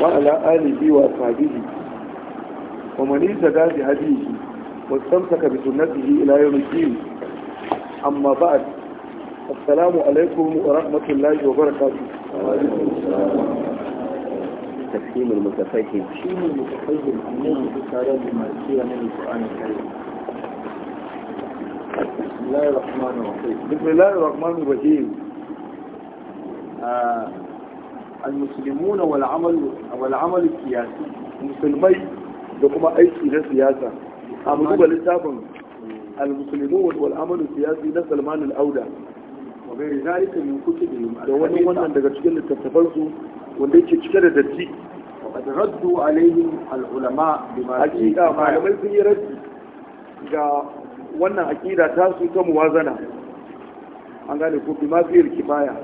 وعلى آله وأصحابه ومن اهتدى هديه واستمسك بسنته إلى يوم الدين أما بعد السلام عليكم ورحمة الله وبركاته تكريم المتفهم تكريم المتفهم أنه بسارة المالكية من القرآن الكريم بسم الله الرحمن الرحيم بسم الله الرحمن الرحيم آه، al-muslimuna wal amal wal musulmai da kuma aiki na siyasa a buga littafin al-muslimun siyasi na Salman da wani wannan daga cikin littattafan su wanda yake cike da datti وقد ردوا عليهم العلماء بما حقيقة malamai sun yi raddi ga wannan akida ta su ta muwazana an gane ko bima fi kifaya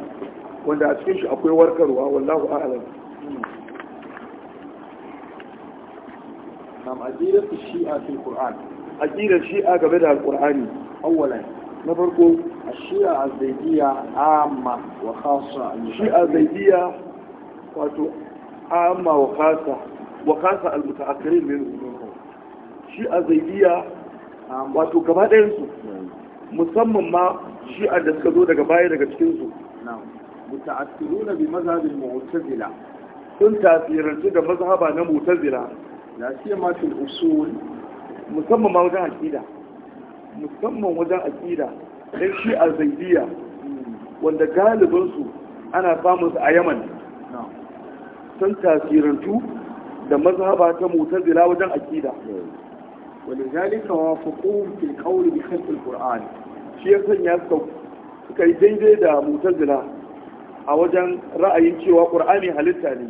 wanda a cikin shi akwai warkarwa wallahu a'lam nam aqidar shi'a fil qur'an shi shi'a game da alqur'ani awwalan na farko amma الشيعة الزيدية wato amma الشيعة الزيدية عامة وخاصة وخاصة المتأخرين منهم shi'a zaidiya wato gaba su musamman ma shi'a da suka zo daga baya daga cikinsu متأثرون بمذهب المعتزلة كنت تأثيرنتو da mazhaba na mu'tazila la siyama fil usul musamman ma wajen aqida musamman wajen aqida dan shi azaidiya wanda galibin ana samun su a Yaman sun tasirantu da mazhaba ta wajen ولذلك وافقوهم في القول بخلق القرآن شيخ ياسو suka yi daidai da mutazila a wajen ra'ayin cewa ƙur'ani halitta ne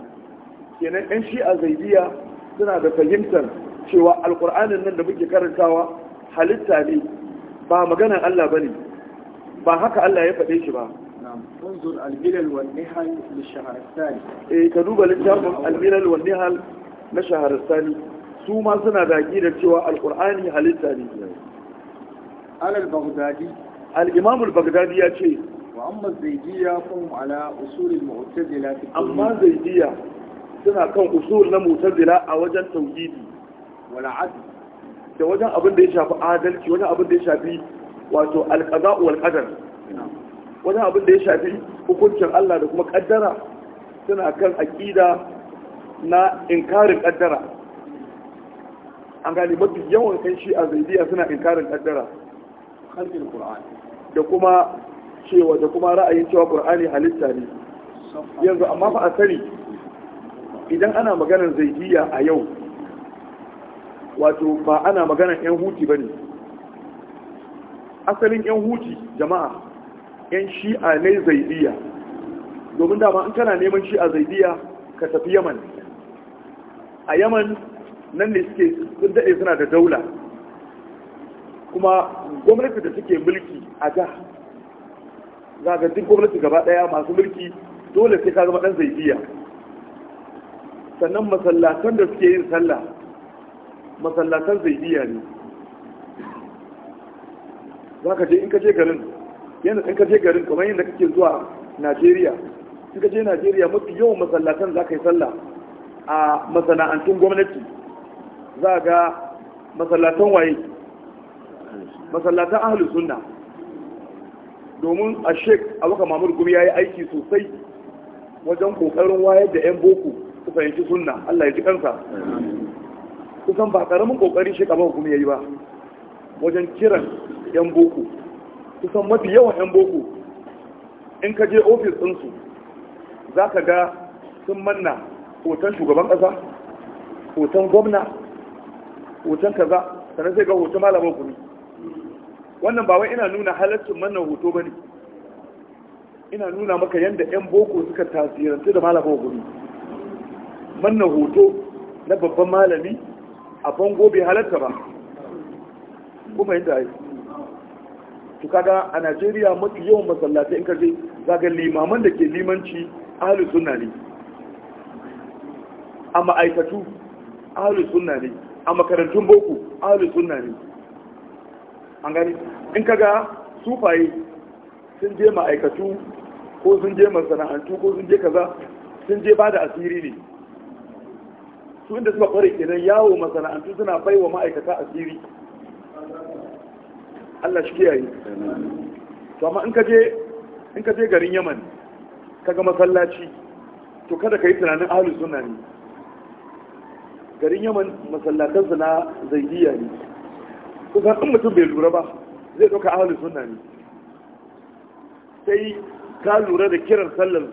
kenan yan a zaidiya suna da fahimtar cewa alƙur'anin nan da muke karantawa halitta ne ba maganan Allah bane ba haka Allah ya faɗe shi ba eh ka duba littafin al-milal nihal na shahar sani su ma suna da da cewa Alƙur'ani halitta ne al-baghdadi baghdadi ya ce amma zaidiya kun ala mu'tazila amma zaidiya suna kan usul na mu'tazila a wajen tauhidi wala adl da wajen abin da ya shafi adalci wajen abin da ya shafi wato wal qadar wajen abin da ya shafi hukuncin Allah da kuma kaddara suna kan aqida na inkarin kaddara an gani mafi yawan kai shi a zaidiya suna inkarin kaddara halkin da kuma cewa da kuma ra'ayin cewa qur'ani halitta ne yanzu amma fa a sani idan ana maganar zaidiya a yau wato ba ana maganar yan huti bane asalin yan huti jama'a yan shi'a ne zaidiya domin dama in kana neman shi'a zaidiya ka tafi yaman a yaman nan ne suke sun daɗe suna da daula kuma gwamnati da suke mulki a jihar za gwamnati gaba daya masu mulki dole sai ka zama dan zaidiya sannan masallatan da suke yin sallah masallatan zaidiya ne za ka je in ka je garin yana in ka je garin kamar yadda kake zuwa najeriya in ka je najeriya mafi yawan masallatan za ka yi sallah a masana'antun gwamnati za ga masallatan waye masallatan ahalus sunna domin a sheik abokan mamur gumi ya yi aiki sosai wajen kokarin wayar da 'yan boko su fahimci sunna allah ya ji kansa kusan ba karamin kokari sheik abokan gumi ya yi ba wajen kiran 'yan boko kusan mafi yawan 'yan boko in ka je ofis ɗinsu za ka ga sun manna hoton shugaban ƙasa hoton gwamna hoton kaza sannan sai ga hoton malamin gumi wannan ba wai ina nuna halattun mannan hoto ba ne ina nuna maka yadda 'yan boko suka tasirantu da malamin guri mannan hoto na babban malami a bango bai halatta ba kuma yadda yi to kaga a najeriya mafi yawan masallatai in karfe zaga limaman da ke limanci ahalus sunna ne a ma'aikatu ahalus sunna ne a makarantun boko ahalus sunna ne an gani in kaga sufaye sun je ma'aikatu ko sun je masana'antu ko sun je kaza sun je ba da asiri ne su inda suka kware kenan yawo masana'antu suna bai wa ma'aikata asiri Allah shi kiyaye to amma in ka je in ka je garin Yaman kaga masallaci to kada ka yi tunanin ahlus sunna ne garin Yaman masallatansu na zaidiya ne kusan in mutum bai lura ba zai ɗauka ahalin suna ne sai ka lura da kiran sallar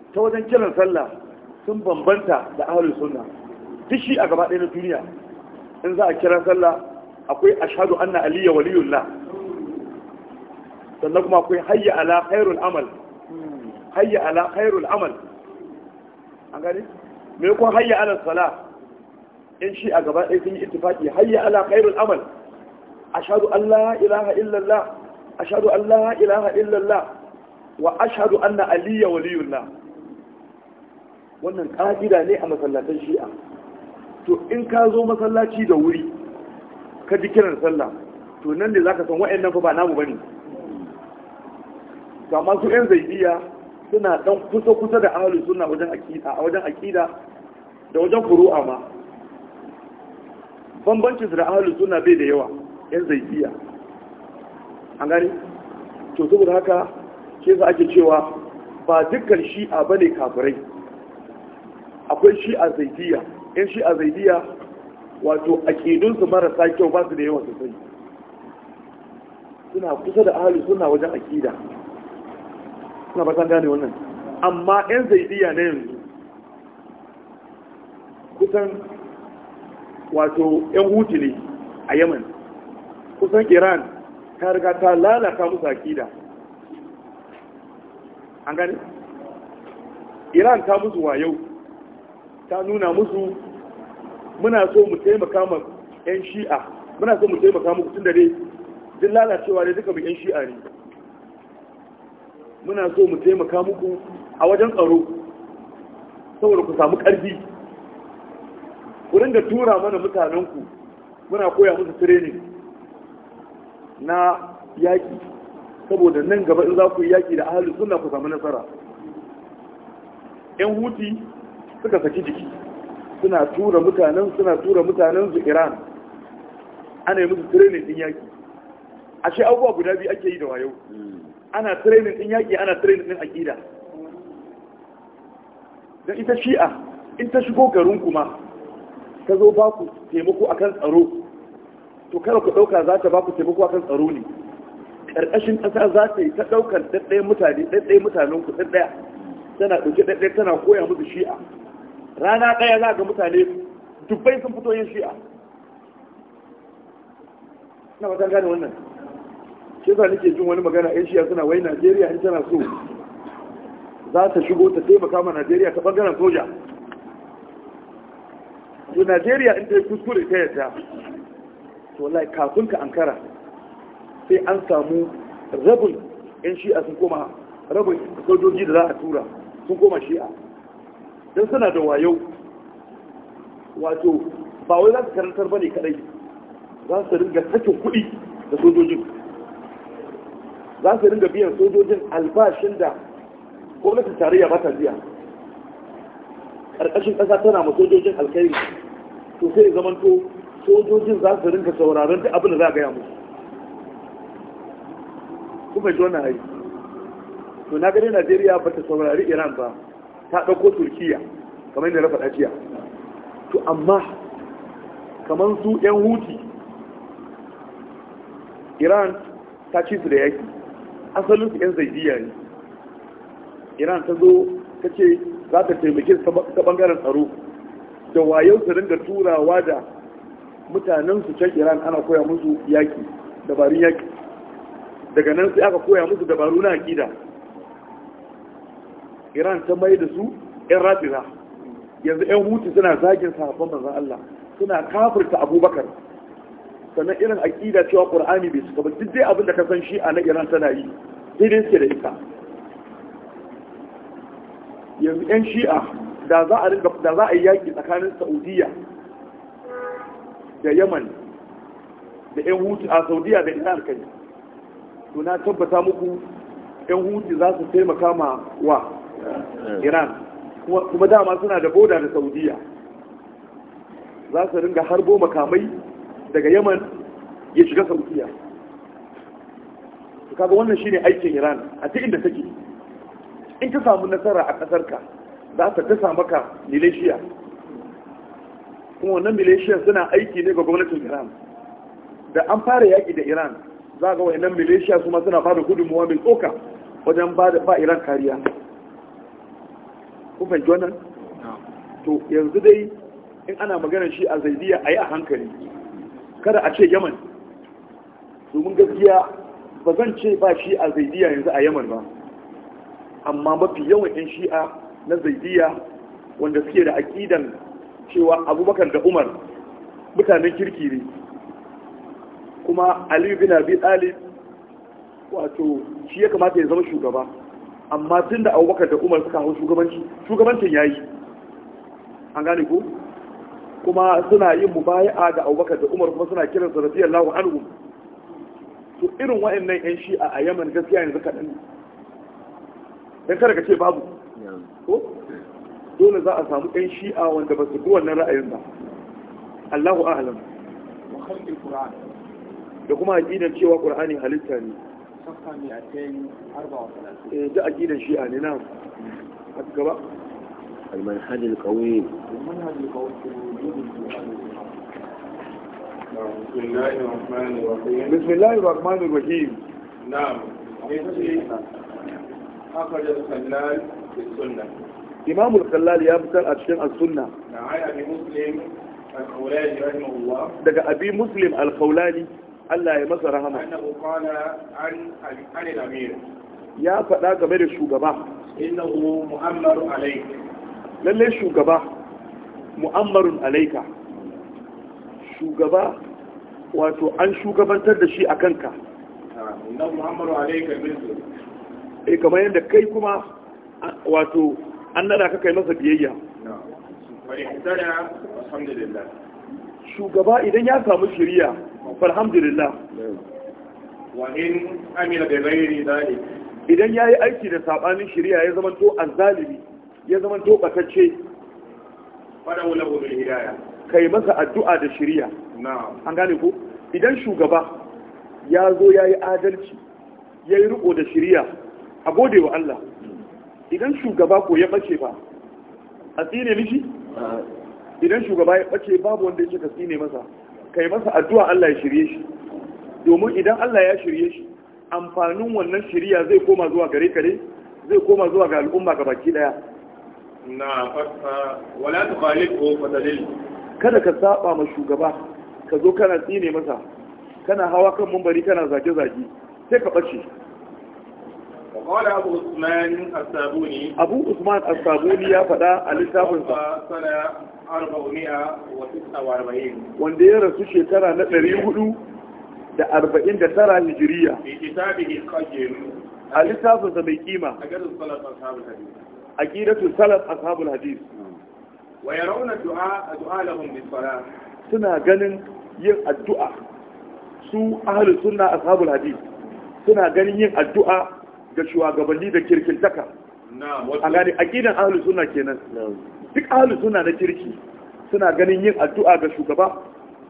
su ta wajen kiran sallah sun bambanta da ahalin suna. duk shi a gaba ɗaya na duniya in za a kiran sallah akwai ashadu anna aliyya waliyullah sannan kuma akwai hayya ala khairul amal hayya ala khairul amal an gani me ko hayya ala salah in shi a gaba ɗaya sun yi ittifaki hayya ala khairul amal Ashadu an la ilaha illallah Ashadu an la ilaha illallah wa ashhadu anna aliyya waliyullah wannan ƙa'ida ne a masallatan shi'a to in ka zo masallaci da wuri ka ji kiran sallah to nan ne ka san wa'annan fa ba namu ba ne. ga masu yan zaidiya suna ɗan kusa kusa da ahlus sunna wajen aqida a wajen aqida da wajen furu'a ma bambancin su da ahalin suna bai da yawa yan zaidiya an gani to saboda haka ke za ake cewa ba dukkan shi'a bane kafirai akwai shi'a zaidiya yan shi'a zaidiya wato akidunsu marasa kyau ba su da yawa sosai suna kusa da ahalin suna wajen akida suna ba san gane wannan amma yan zaidiya na yanzu kusan wato yan hutu ne a yaman kusan iran ta riga ta lalata musu akida an gani iran ta musu wayo ta nuna musu muna so mu taimaka ma 'yan shi'a muna so mu taimaka muku tun da dai duk lalacewa ne duka mu 'yan shi'a ne muna so mu taimaka muku a wajen tsaro saboda ku samu ƙarfi ku ringa tura mana mutanenku muna koya musu training na yaƙi saboda nan gaba in za ku yi yaƙi da ahalin suna ku samu nasara yan huti suka saki jiki suna tura mutanen suna tura mutanen su iran ana yi musu training din yaƙi ashe abubuwa guda biyu ake yi da wayo ana training din yaƙi ana training din aƙida don ita shi'a in ta shigo garin kuma ta zo ba ku taimako a kan tsaro to kada ku ɗauka za ta ba ku taimako a kan tsaro ne ƙarƙashin ƙasa za ta yi ta ɗaukar ɗaɗɗaya mutane ɗaɗɗaya mutanen ku ɗaɗɗaya tana ɗauke ɗaɗɗaya tana koya musu shi'a rana ɗaya za ga mutane dubbai sun fito yin shi'a na matan gane wannan shi yasa nake jin wani magana yan shi'a suna wai najeriya in tana so za ta shigo ta taimaka ma najeriya ta ɓangaren soja to najeriya in ta kuskure ta yadda to wallahi kafin ka ankara sai an samu rabin shi shi'a sun koma rabin sojoji da za a tura sun koma shi'a dan suna da wayo wato ba wai za su karantar ba ne kadai za su ringa sakin kuɗi da sojojin za su ringa biyan sojojin albashin da gwamnatin tarayya ba ta biya ƙarƙashin ƙasa tana ma sojojin alkhairi to sai zamanto sojojin za su rinka sauraron da abin da za a gaya musu kuma ji wannan hari to na gani najeriya ba ta saurari iran ba ta ɗauko turkiya kamar yadda rafa faɗa to amma kamar su 'yan huti iran ta ci su da yaki asalin su 'yan zaidiya ne iran ta zo ta ce za ta taimake ta bangaren tsaro da wayau su ringa turawa da mutanen su can iran ana koya musu yaki dabarun yaki daga nan sai aka koya musu dabaru na akida iran ta mai da su yan rafira yanzu yan hutu suna zagin sahabban manzan Allah suna kafirta abubakar sannan irin aƙida cewa ƙur'ani bai suka ba duk dai abin da ka san shi a na iran tana yi Sai dai suke da ita yanzu 'yan shi'a da za a ringa da za a yi yaƙi tsakanin saudiya da yaman da yan huti a saudiya da iran kai to na tabbata muku yan huti za su taimaka ma wa iran kuma dama suna da boda da saudiya za su ringa harbo makamai daga yaman ya shiga saudiya kaga wannan shine aikin iran a cikin da take in ka samu nasara a ƙasarka za ta kasa maka milishiya kuma wannan malaysia suna aiki ne ga gwamnatin iran da an fara yaƙi da iran za ga wayannan milishiya su ma suna fara gudunmuwa mai tsoka wajen ba iran kariya kun fahimci wannan to yanzu dai in ana maganar shi a zaidiya a yi a hankali kada a ce yaman domin gaskiya ba zan ce ba shi a zaidiya yanzu a yaman ba amma mafi yawan 'yan shi'a na zaidiya wanda suke da aƙidan cewa abubakar da umar mutanen kirki ne kuma aliyu bin abi talib wato shi ya kamata ya zama shugaba amma tun da abubakar da umar suka hau shugabanci shugabancin ya yi an gane ko kuma suna yin mubaya'a ga abubakar da umar kuma suna kiran sa radiyallahu anhu to irin wa'annan yan shi'a a yaman gaskiya yanzu kaɗan dan kada ka ce babu ko dole za a samu ɗan shi'a wanda ba su bi wannan ra'ayin ba Allahu a'lam wa khalqi qur'an da kuma aqidar cewa qur'ani halitta ne safa 234 eh da shi'a ne na gaba المنهج القوي المنهج القوي بسم الله الرحمن الرحيم بسم الله الرحمن الرحيم نعم أخرج الخلال Imamul al ya fitar a cikin as-sunna daga abi muslim al-khawlani Allah ya masa rahama ya faɗa game da shugaba innahu alayka lalle shugaba mu'ammarun alayka shugaba wato an shugabantar da shi a kanka innahu alayka bil eh kamar yadda kai kuma wato an nada ka kai masa biyayya shugaba idan ya samu shiriya alhamdulillah idan ya yi aiki da sabanin shiriya ya zama to azalimi ya zama to batacce kai masa addu'a da shiriya an gane ko idan shugaba ya zo ya yi adalci ya yi riko da shiriya a gode wa Allah idan shugaba ko ya bace ba a tsine mishi idan shugaba ya bace babu wanda ya ka tsine masa kai masa addu'a Allah ya shirye shi domin idan Allah ya shirye shi amfanin wannan shiriya zai koma zuwa gare kare zai koma zuwa ga al'umma ga baki daya na fasa wala tukhalifu dalil kada ka saba ma shugaba ka zo kana tsine masa kana hawa kan mumbari kana zage zage sai ka bace Abu Usman عثمان الصابوني أبو عثمان الصابوني يا Wanda ya rasu 449 وانده يرسو شكرا نتري da arba'in da tara hijiriya a littafinsa mai kima a ƙidatun a ashabul hadis wa ya yarawna du'a a du'a da bis salah suna ganin yin addu'a su ahli sunna ashabul hadis suna ganin yin addu'a ga shugabanni da kirkintaka a gani aƙidan ahalus suna kenan duk ahalus suna na kirki suna ganin yin addu'a ga shugaba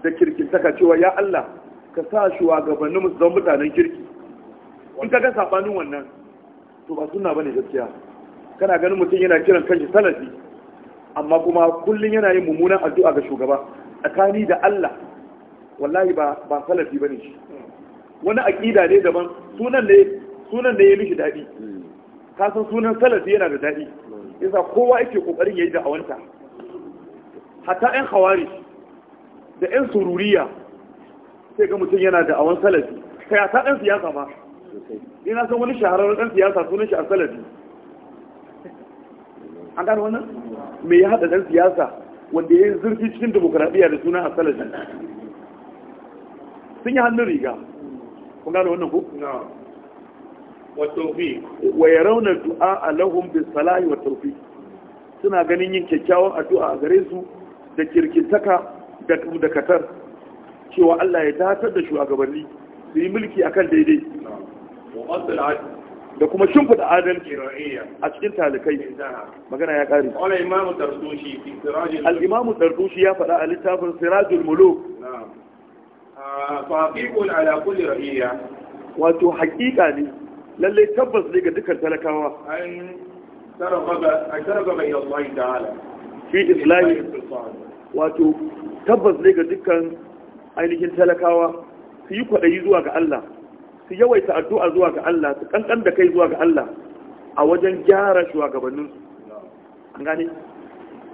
da kirkintaka cewa ya Allah ka sa shugabanni musu zama mutanen kirki in ka ga sabanin wannan to ba suna bane gaskiya kana ganin mutum yana kiran kanshi salafi amma kuma kullum yana yin mummunan addu'a ga shugaba tsakani da Allah wallahi ba ba salafi bane shi hmm. wani aqida ne daban sunan ne sunan da ya mishi daɗi hmm. ka san sunan salafi yana da daɗi hmm. yasa kowa yake kokarin yayi da awanta hatta ɗan hawari da ɗan sururiya sai ga mutum yana da awan salafi kai hatta ɗan siyasa ma ina san wani shahararren ɗan siyasa sunan shi a salafi an gano wannan hmm. me ya haɗa ɗan siyasa wanda ya yi zurfi cikin demokuraɗiyya da sunan a salafi sun yi hannun riga kun gano wannan ku? wa ya rauna du'a a lahun bin salahi wa taufi suna ganin yin kyakkyawan addu'a a gare su da kirkintaka da katar cewa Allah ya datar da shugabanni su yi mulki akan daidai da kuma da adalci a cikin talikai magana ya kare al'imamu imamu ya faɗa a littafin sirajul muluk ah, wato haƙiƙa ne lalle tabbas ne ga dukkan talakawa Allah ta'ala fi islahi wato tabbas ne ga dukkan ainihin talakawa su yi kwaɗayi zuwa ga Allah su yawaita addu'a zuwa ga Allah su ƙanƙan da kai zuwa ga Allah a wajen gyara shugabanninsu an gane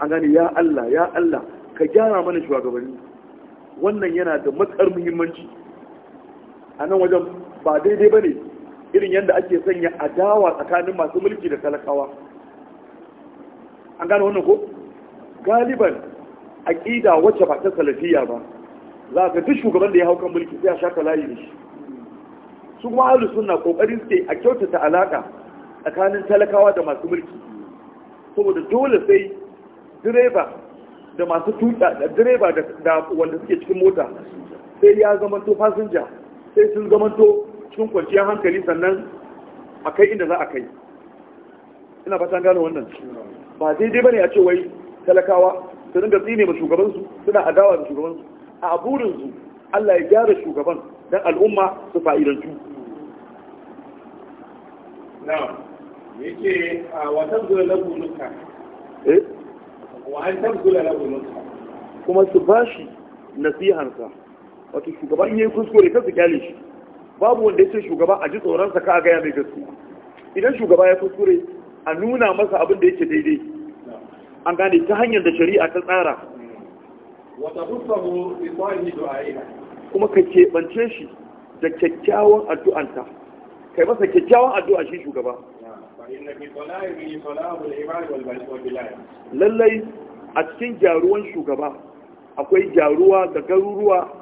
an ya Allah ya Allah ka gyara mana shugabanni wannan yana da matsar muhimmanci a nan wajen ba daidai ba ne irin yadda ake sanya adawa tsakanin masu mulki da talakawa an gano wannan ko galiban aqida wacce ba ta salafiya ba za ka duk shugaban da ya hau kan mulki sai a shaka layi da shi su kuma ahlus sunna kokarin sai a kyautata alaƙa tsakanin talakawa da masu mulki saboda dole sai direba da masu tuta da direba da wanda suke cikin mota sai ya zamanto fasinja sai sun zamanto cikin kwanciyar hankali sannan a kai inda za a kai ina fata gano wannan ba daidai bane a ce wai talakawa su dinga tsine ma shugabansu suna adawa da shugabansu a burinsu Allah ya gyara shugaban don al'umma su fa'idantu na yake a watan zuwa lagunuka eh wa'antar zuwa lagunuka kuma su ba shi nasihansa wato shugaban yin kuskure kan su kyale shi babu wanda ya ce shugaba a ji tsoronsa ka gaya mai gaskiya idan shugaba ya kuskure a nuna masa abin da yake daidai an gane ta hanyar da shari'a ta tsara kuma ka keɓance shi da kyakkyawan addu'anta kai masa kyakkyawan addu'a shi shugaba lallai a cikin gyaruwan shugaba akwai gyaruwa da garuruwa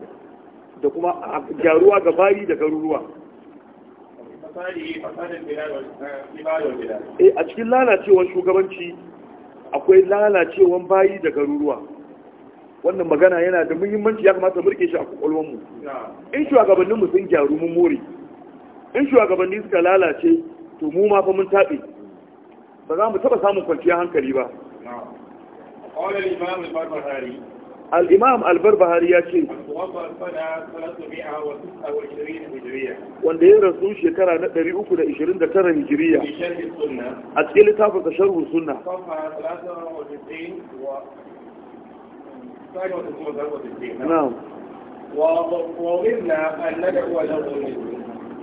da kuma gyaruwa ga bari da garuruwa eh, a cikin lalacewar shugabanci akwai lalacewar bayi da garuruwa wannan magana yana da muhimmanci ya kamata murke shi a kwakwalwarmu in shugabanninmu sun gyaru mun more in shugabanni suka lalace to mu ma fa mun taɓe ba za mu taɓa samun kwanciyar hankali ba al'imam albarbahari ya ce wanda ya rasu shekara na 329 hijiriya a cikin littafin da sharhun sunna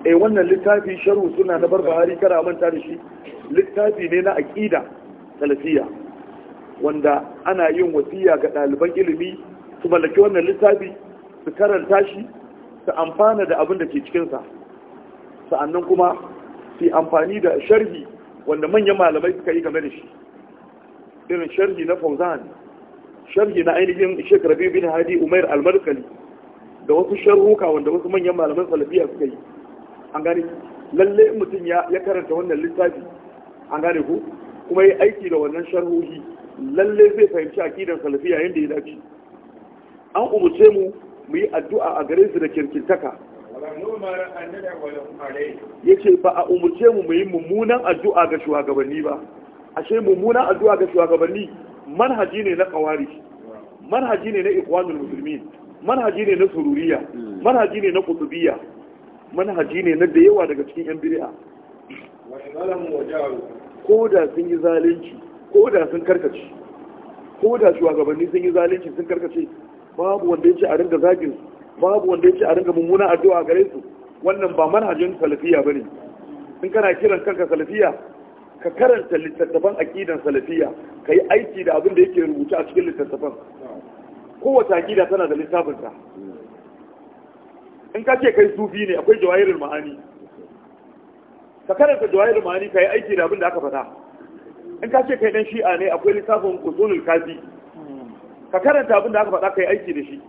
e wannan littafi sharhu suna na barbahari kara manta da shi littafi ne na aƙida talafiya. wanda ana yin wasiya ga ɗaliban ilimi su mallaki wannan littafi su karanta shi su amfana da abin da ke cikinsa sa'annan kuma su amfani da sharhi wanda manyan malamai suka yi game da shi irin sharhi na fauzan sharhi na ainihin shek rabi bin hadi umar almarkali da wasu sharhuka wanda wasu manyan malaman salafiya suka yi an gane lalle mutum ya karanta wannan littafi an gane ku kuma ya aiki da wannan sharhohi lalle zai fahimci akidar salafiya yadda ya dace an umarce mu mu yi addu'a a gare su da kirkintaka ya ce ba a umarce mu mu yi mummunan addu'a ga shugabanni ba ashe mummunan addu'a ga shugabanni manhaji ne na kawari manhaji ne na ikwanul musulmi manhaji ne na sururiya manhaji ne na kutubiya manhaji ne na da yawa daga cikin yan biri'a ko da sun yi zalunci ko da sun karkace ko da shugabanni sun yi zalunci sun karkace babu wanda ya ce a ringa zagin su babu wanda ya ce a ringa mummuna addu'a gare su wannan ba manhajin salafiya bane in kana kiran kanka salafiya ka karanta littattafan aqidan salafiya ka yi aiki da abin da yake rubuta a cikin littattafan kowace aqida tana da littafinta in ka ce kai sufi ne akwai jawahirul ma'ani ka karanta jawahirul ma'ani ka yi aiki da abin da aka faɗa in ka ce kai dan shi'a ne akwai littafin usulul kafi ka karanta abin da aka faɗa kai aiki da shi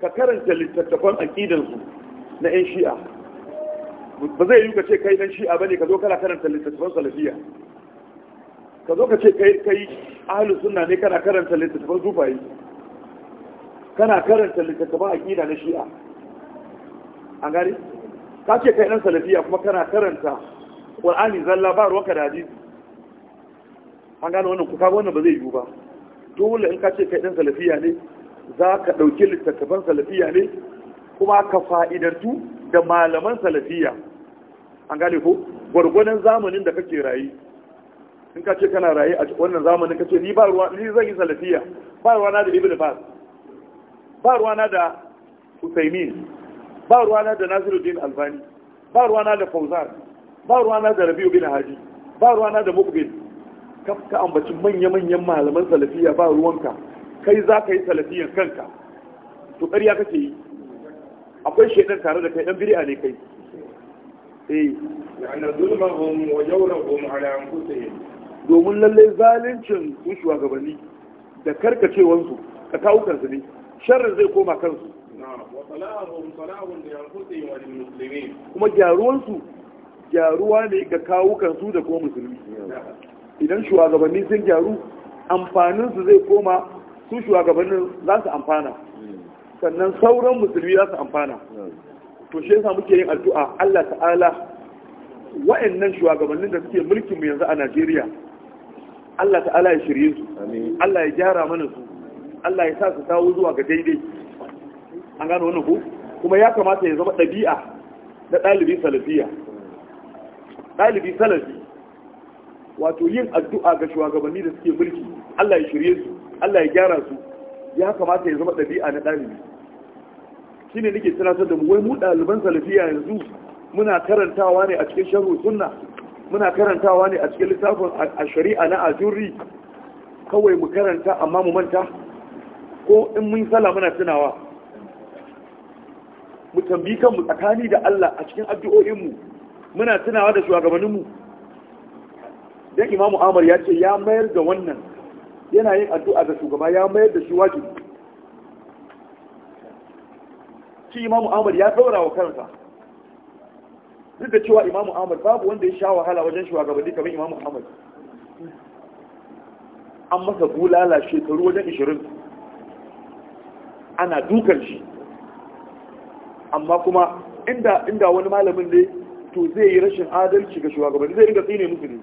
ka karanta littattafan aqidan su na yan shi'a ba zai yi ka ce kai dan shi'a bane ka zo kana karanta littattafan salafiya ka zo ka ce kai kai ahlus sunna ne kana karanta littattafan sufayi kana karanta littattafan aqida na shi'a an gari ka ce kai dan salafiya kuma kana karanta qur'ani zalla ba ruwanka da hadisi an gane wannan ku kaga wannan ba zai yiwu ba dole in ka ce kai dan salafiya ne za ka ɗauki littattafan salafiya ne kuma ka fa'idantu da malaman salafiya an gane ko gwargwadon zamanin da kake rayu in ka ce kana rayu a wannan zamanin ka ce ni ba ruwa ni zan yi salafiya ba ruwa na da ibn bas ba ruwa na da usaimin ba ruwa na da nasiruddin albani ba ruwa na da fauzan ba ruwa na da rabiu bin haji ba ruwa na da mukbil ka ambaci manya-manyan malaman salafiya ba ruwanka kai za ka yi salafiyan kanka to ƙarya kake yi akwai shaidan tare da kai ɗan biri'a ne kai Eh. domin lallai zalincin su shugabanni da su ka kawo kansu ne sharrin zai koma kansu kuma gyaruwansu gyaruwa ne ga kawo kansu da kuma musulmi idan shugabanni sun gyaru amfaninsu zai koma su shugabannin za su amfana sannan sauran musulmi za su amfana to shi yasa muke yin addu'a Allah ta'ala wa'annan shugabannin da suke mulkin mu yanzu a Najeriya Allah ta'ala ya shirye su Allah ya gyara mana su Allah ya sa su dawo zuwa ga daidai an gano wannan ko kuma ya kamata ya zama ɗabi'a na dalibi salafiya dalibi salafi wato yin addu'a ga shugabanni da suke mulki Allah ya shirye su Allah ya gyara su ya kamata ya zama ɗabi'a na ɗalibi shine nake tunatar da mu wai mu ɗaliban salafiya yanzu muna karantawa ne a cikin sharhu sunna muna karantawa ne a cikin littafin a shari'a na ajurri kawai mu karanta amma mu manta ko in mun sala muna tunawa mu tambi kanmu tsakani da Allah a cikin addu'o'inmu muna tunawa da shugabanninmu dan imamu amar ya ce ya mayar da wannan yana yin addu'a ga shugaba ya mayar da shi wajibi shi imamu amar ya daura wa kansa duk da cewa imamu amar babu wanda ya sha wahala wajen shugabanni kamar imamu amar an masa bulala shekaru wajen 20 ana dukan shi amma kuma inda wani malamin ne to zai yi rashin adalci ga shugabanni zai riga tsine musu ne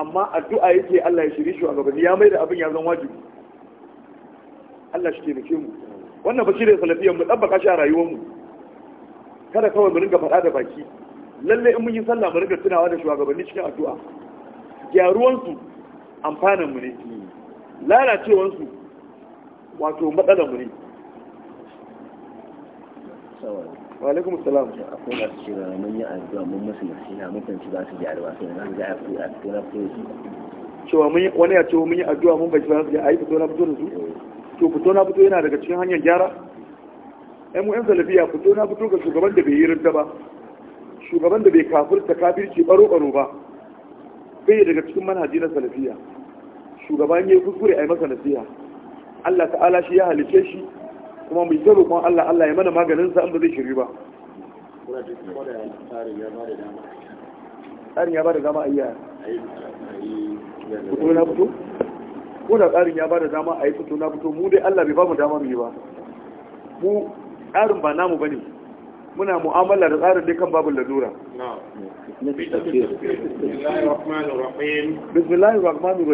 amma addu'a yake Allah ya a shugabanni ya mai da abin ya zan wajibi Allah shi taimake mu wannan ba shi ne salafiyar mu ɗabbaka shi a rayuwar mu kada kawai mu ringa faɗa da baki lalle in mun yi sallah mu ringa tunawa da shugabanni cikin addu'a gyaruwansu amfanan mu ne su wato matsalan mu ne wa alaikum salam akwai da su da mun yi addu'a mun musu nasiha mutan su za su ji alwa sai za su ga afi a cikin afi cewa mun wani ya ce mun yi addu'a mun bai za su ji ai fito na fito da su to fito na fito yana daga cikin hanyar gyara ai mu yan salafiya fito na fito ga shugaban da bai yi rinta ba shugaban da bai kafirta kafirci baro baro ba bai daga cikin manhaji na salafiya shugaban ya yi kuskure a yi masa nasiha Allah ta'ala shi ya halice shi kuma mu ta roƙon Allah Allah ya mana maganin sa in ba zai shiri ba tsarin ya ba da dama a yi fito na fito ko da tsarin ya ba da dama a yi fito na fito mu dai Allah bai ba mu dama mu yi ba mu tsarin ba namu bane muna mu'amala da tsarin dai kan babu lalura bismillahir rahmanir rahim ala ahli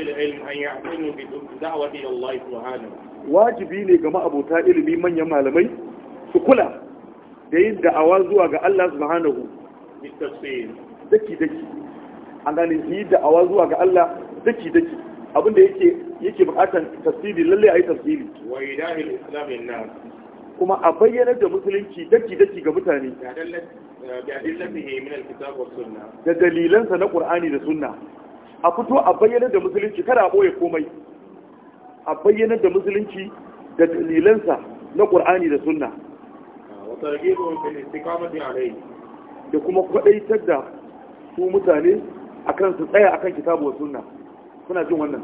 al-ilm an ya'tinu bi da'wati Allah subhanahu wajibi ne ga ma'abota ilimi manyan malamai su kula da yin da'awa zuwa ga Allah subhanahu daki daki an gane su yi da'awa zuwa ga Allah daki daki abinda yake yake bukatan tafsiri lalle ayi tafsiri wa ilahil islamin nan. kuma a bayyana da musulunci daki daki ga mutane da dalilansa na qur'ani da sunna a fito a bayyana da musulunci kada a boye komai a bayyanar da musulunci da dalilansa na ƙur'ani da sunna da kuma kwaɗaitar da su mutane a kan su tsaya akan kitabu wa sunna kuna jin wannan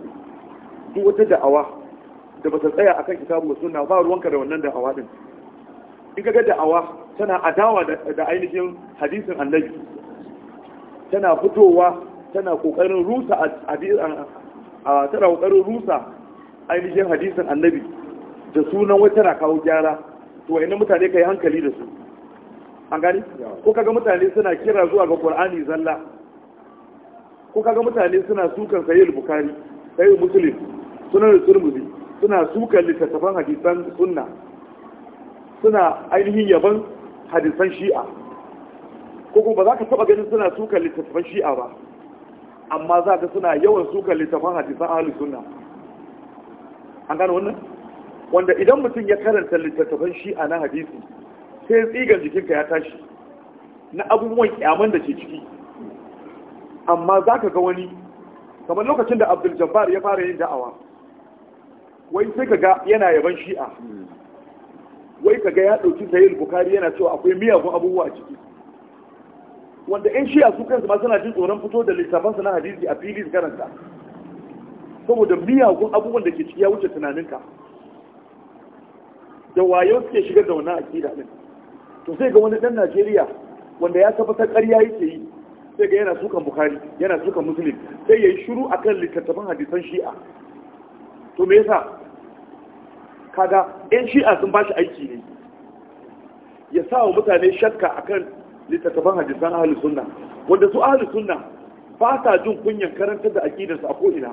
su wata da'awa da ba ta tsaya akan kitabu wa sunna ba ruwanka da wannan da'awa din in ga da'awa tana adawa da ainihin hadisin annabi tana fitowa tana kokarin rusa tana kokarin rusa ainihin hadisin annabi da sunan wata na kawo gyara to wa'annan mutane ka yi hankali da su an gani ko kaga mutane suna kira zuwa ga qur'ani zalla ko kaga mutane suna sukan sahih bukhari sahih muslim sunan tirmidhi suna sukan littattafan hadisan sunna suna ainihin yaban hadisan shi'a ko kuma ba za ka taba ganin suna sukan littattafan shi'a ba amma za ka suna yawan sukan littattafan hadisan ahlus sunna an gano wannan wanda idan mutum ya karanta littattafan shi'a na hadisi sai tsigan jikinka ya tashi na abubuwan kyaman da ke ciki amma za ka ga wani kamar lokacin da abdul jabbar ya fara yin da'awa wai sai ka ga yana yaban shi'a wai ka ga ya ɗauki sayil bukari yana cewa akwai miyagun abubuwa a ciki wanda 'yan shi'a su kansu ma suna jin tsoron fito da littafansu na hadisi a fili karanta saboda miyagun abubuwan da ke ciki ya wuce tunaninka da wayo suke shigar da wannan akida din to sai ga wani dan Najeriya wanda ya tabbatar ƙarya yake yi sai ga yana sukan Bukhari yana sukan Muslim sai yayi shiru akan littattafan hadisan Shi'a to me yasa kaga ɗan Shi'a sun bashi aiki ne ya sa wa mutane shakka akan littattafan hadisan Ahlus Sunna wanda su Ahlus Sunna ba sa jin kunyan karantar da aqidarsu a ko'ina?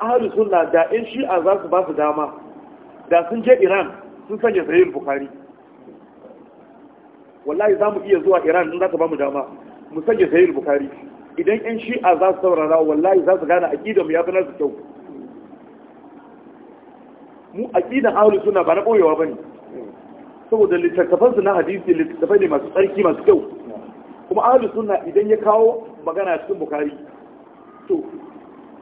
ahalus suna da in shi'a za su ba su dama da sun je iran sun sanya sahih bukhari wallahi za mu iya zuwa iran in za ka ba mu dama mu sanya sahih bukhari idan yan shi'a za su saurara wallahi za su gane aƙida mu ya fi nasu kyau mu aƙida ahlus suna ba na ɓoyewa ba ne saboda littattafansu na hadisi littattafai ne masu tsarki masu kyau kuma ahlus suna idan ya kawo magana cikin bukhari to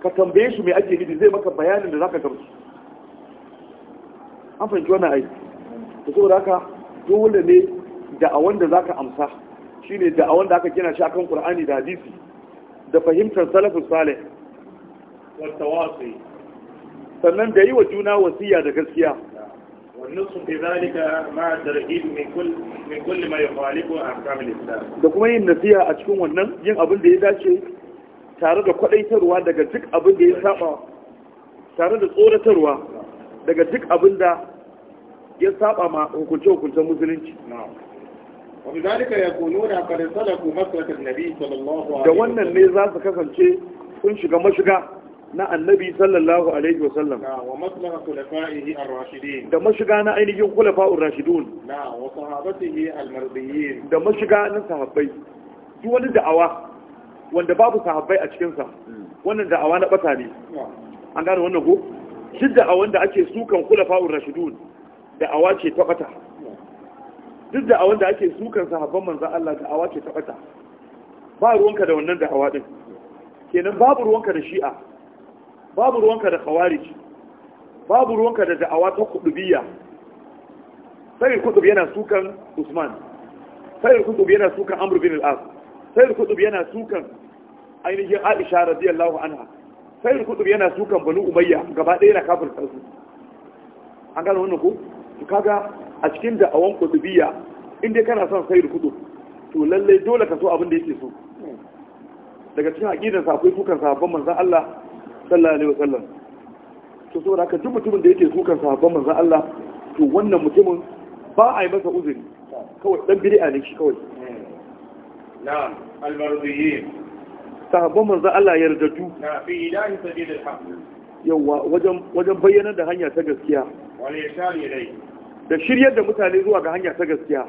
ka tambaye shi mai ake nufi zai maka bayanin da zaka gamsu an fahimci wani aiki da saboda haka dole ne da da'awan za zaka amsa shine ne da aka gina shi akan Qur'ani da hadisi da fahimtar salafus salih wa tawasi sannan da yi wa juna wasiya da gaskiya والنص في ذلك مع الترهيب من كل من كل ما يخالف da kuma yin nasiha a cikin wannan yin abin da ya dace tare da kwadaitarwa daga duk abin da ya saba tare da tsoratarwa daga duk abin da ya saba ma hukunce-hukuncen musulunci da wannan ne za su kasance sun shiga mashiga na annabi sallallahu alaihi wasallam da mashiga na ainihin kulafa'ur rashidun da mashiga na sahabbai duk wani da'awa wanda babu sahabbai a cikinsa wannan da'awa na bata ne an gane wannan ko shi a wanda ake sukan kula kulafa'ur rashidun da'awa ce ta bata duk da'awan da ake sukan sahabban manzan Allah da'awa ce ta bata ba ruwanka da wannan da'awa din kenan babu ruwanka da shi'a babu ruwanka da khawarij babu ruwanka da da'awa ta kudubiyya sai kutub yana sukan Usman sai kutub yana sukan Amr bin al-As sai kutub yana sukan ainihin Aisha radiyallahu anha sai al-Qutb yana sukan Banu Umayya gaba ɗaya na kafirta su an gano wannan ku? to kaga a cikin da awan Qutbiyya in dai kana son sai al-Qutb to lallai dole ka so abin da yake so daga cikin aqidar sa akwai sukan sahabban manzon Allah sallallahu alaihi wasallam to saboda haka duk mutumin da yake sukan sahabban manzon Allah to wannan mutumin ba a yi masa uzuri kawai dan bid'a ne shi kawai hmm. Na al-marziyin sahabban manzo Allah ya yardatu yawa wajen wajen bayyana da hanya ta gaskiya da shiryar da mutane zuwa ga hanya ta gaskiya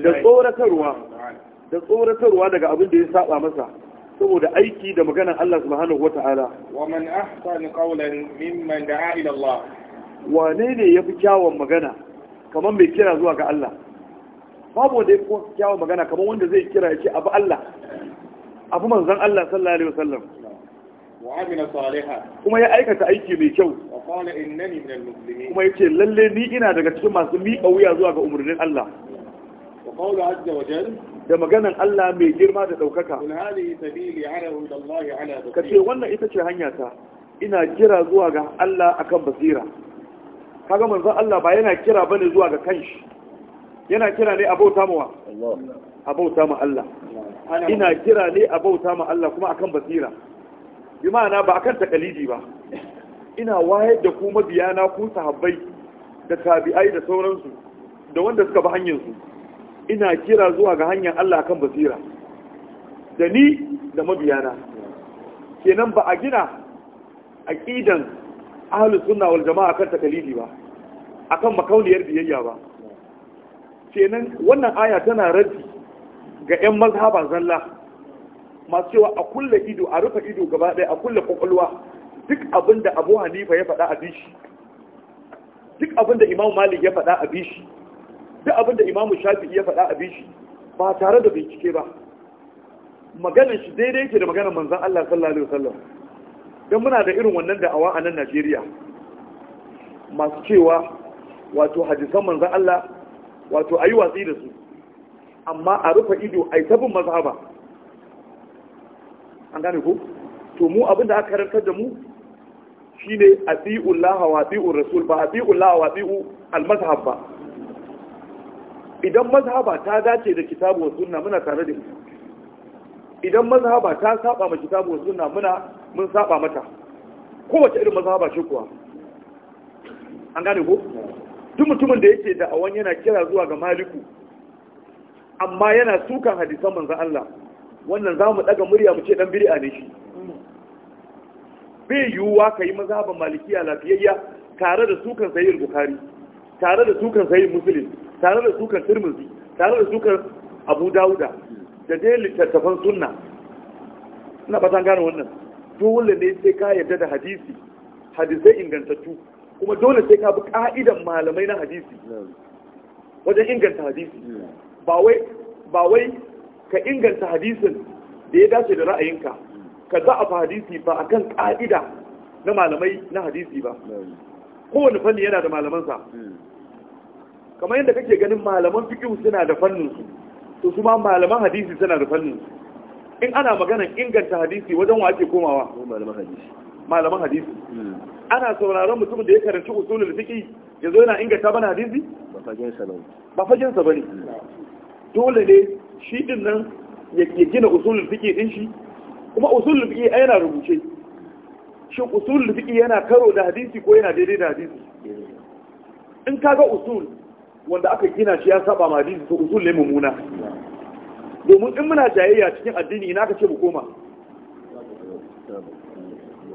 da tsoratarwa da tsoratarwa daga abin da ya saba masa saboda aiki da maganar Allah subhanahu wata'ala wa man ahsanu qawlan mimman da'a ila Allah wane ne yafi kyawun magana kamar mai kira zuwa ga Allah babu wanda ya fi kyawun magana kamar wanda zai kira ya ce abu Allah abu manzan Allah sallallahu alaihi wasallam wa amina kuma ya aikata aiki mai kyau wa qala innani minal muslimin kuma yace lalle ni ina daga cikin masu miƙa wuya zuwa ga umurnin Allah wa azza wa jalla da maganan Allah mai girma da daukaka Ka hadi sabili Allah ala basira kace wannan ita ce hanya ta ina kira zuwa ga Allah akan basira kaga manzon Allah ba yana kira bane zuwa ga kanshi yana kira ne abauta mawa abauta ma Allah ina kira ne abauta ma Allah kuma akan basira bi ma'ana ba akan takalidi ba ina wayar da ku mabiyana ku sahabbai da tabi'ai da sauransu da wanda suka bi hanyar su ina kira zuwa ga hanyar Allah akan basira da ni da mabiyana kenan ba a gina aqidan ahlus sunna wal jama'a kan takalidi ba akan makauniyar biyayya ba kenan wannan aya tana raddi ga 'yan mazhaban zalla masu cewa a kulle ido a rufe ido gaba ɗaya a kulle kwakwalwa duk abin da abu hanifa ya faɗa a bishi duk abin da imam malik ya faɗa a bishi duk abin da imam shafi ya faɗa a bishi ba tare da bincike ba maganar shi daidai ke da maganar manzan Allah sallallahu alaihi wasallam don muna da irin wannan da'awa a nan Najeriya masu cewa wato hadisan manzan Allah wato a yi watsi da su amma a rufe ido a yi tabin mazhaba an gane ku to mu abin da aka karantar da mu shine ati'ul laha wa ati'ur rasul ba ati'ul laha wa ati'u al ba idan mazhaba ta dace da kitabu wa sunna muna tare da ita idan mazhaba ta saba ma kitabu wa sunna muna mun saba mata kowace irin mazhaba shi kuwa an gane ku duk mutumin da yake da awon yana kira zuwa ga maliku amma yana sukan hadisan manzan Allah wannan za mu ɗaga murya mu ce dan biri'a ne shi bai yiwuwa ka yi mazhaban malikiya lafiyayya tare da sukan sayyid bukhari tare da sukan sayyid muslim tare da sukan tirmidhi tare da sukan abu dauda da dai littattafan sunna ina fatan gane wannan dole ne sai ka yarda da hadisi hadisai ingantattu kuma dole sai ka bi ka'idan malamai na hadisi wajen inganta hadisi ba wai ka inganta hadisin da ya dace da ra'ayinka ka za a fa hadisi ba a kan ƙa'ida na malamai na hadisi ba kowane fanni yana da malamansa hmm. kamar yadda kake ganin malaman fikihu suna da fanninsu to su ma malaman hadisi suna da fanninsu in ana maganar inganta hadisi wajen wa ake komawa malaman hadisi malaman hadisi ana sauraron mutumin da ya karanci usulul fiqh ya zo yana inganta bana hadisi ba fagen sa bane ba fagen dole ne shi din nan ya gina usulul fiqh din shi kuma usulul fiqh ai yana rubuce shin usulul fiqh yana karo da hadisi ko yana daidai da hadisi in kaga usul wanda aka gina shi ya saba ma hadisi to usul ne mummuna domin in muna jayayya cikin addini ina ka ce mu koma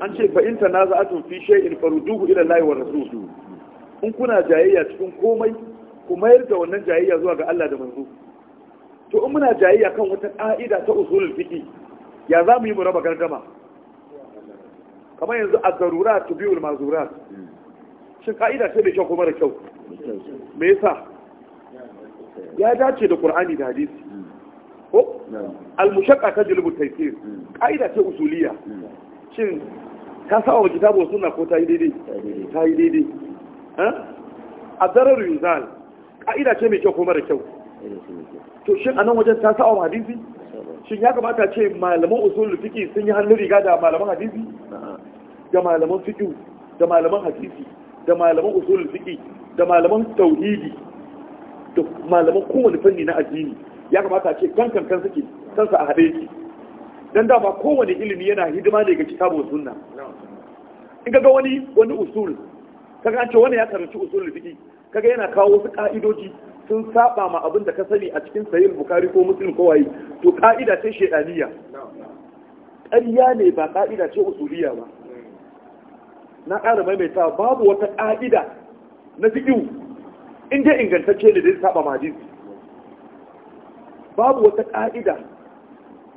an ce fa in tanaza'atun fi shay'in farudduhu ila Allah wa rasul in kuna jayayya cikin komai ku mayar da wannan jayayya zuwa ga Allah da manzo to in muna jayayya kan wata ka'ida ta usulul fiqi ya za mu yi mu raba gargama kamar yanzu a garura tubiyul mazura shin ka'ida ce da kyau kuma da kyau me yasa ya dace da qur'ani da hadisi ko al-mushaqqa tajlibu taysir ka'ida ce usuliya shin ka sa wa kitabu suna ko ta yi daidai ta yi daidai a zarar yuzal ka'ida ce mai kyau ko mara kyau to shin a nan wajen ta sa wa hadisi shin ya kamata ce malaman usul fiki sun yi hannun riga da malaman hadisi da malaman fiki da malaman hadisi da malaman usul fiki da malaman tauhidi da malaman kowane fanni na addini ya kamata ce kankan kan suke kansa a haɗe yake dan ba kowane ilimi yana hidima ne ga kitabu sunna in ga wani wani usul kaga an ce wani ya karanci usulul fiqi kaga yana kawo wasu ka'idoji sun saba ma abin da ka sani a cikin sahih bukhari ko muslim ko wai to ka'ida ce shedaniya ƙarya ne ba ka'ida ce usuliya ba na ƙara maimaita babu wata ƙa'ida na fiqi in dai ingantacce ne da zai saba ma hadisi babu wata ƙa'ida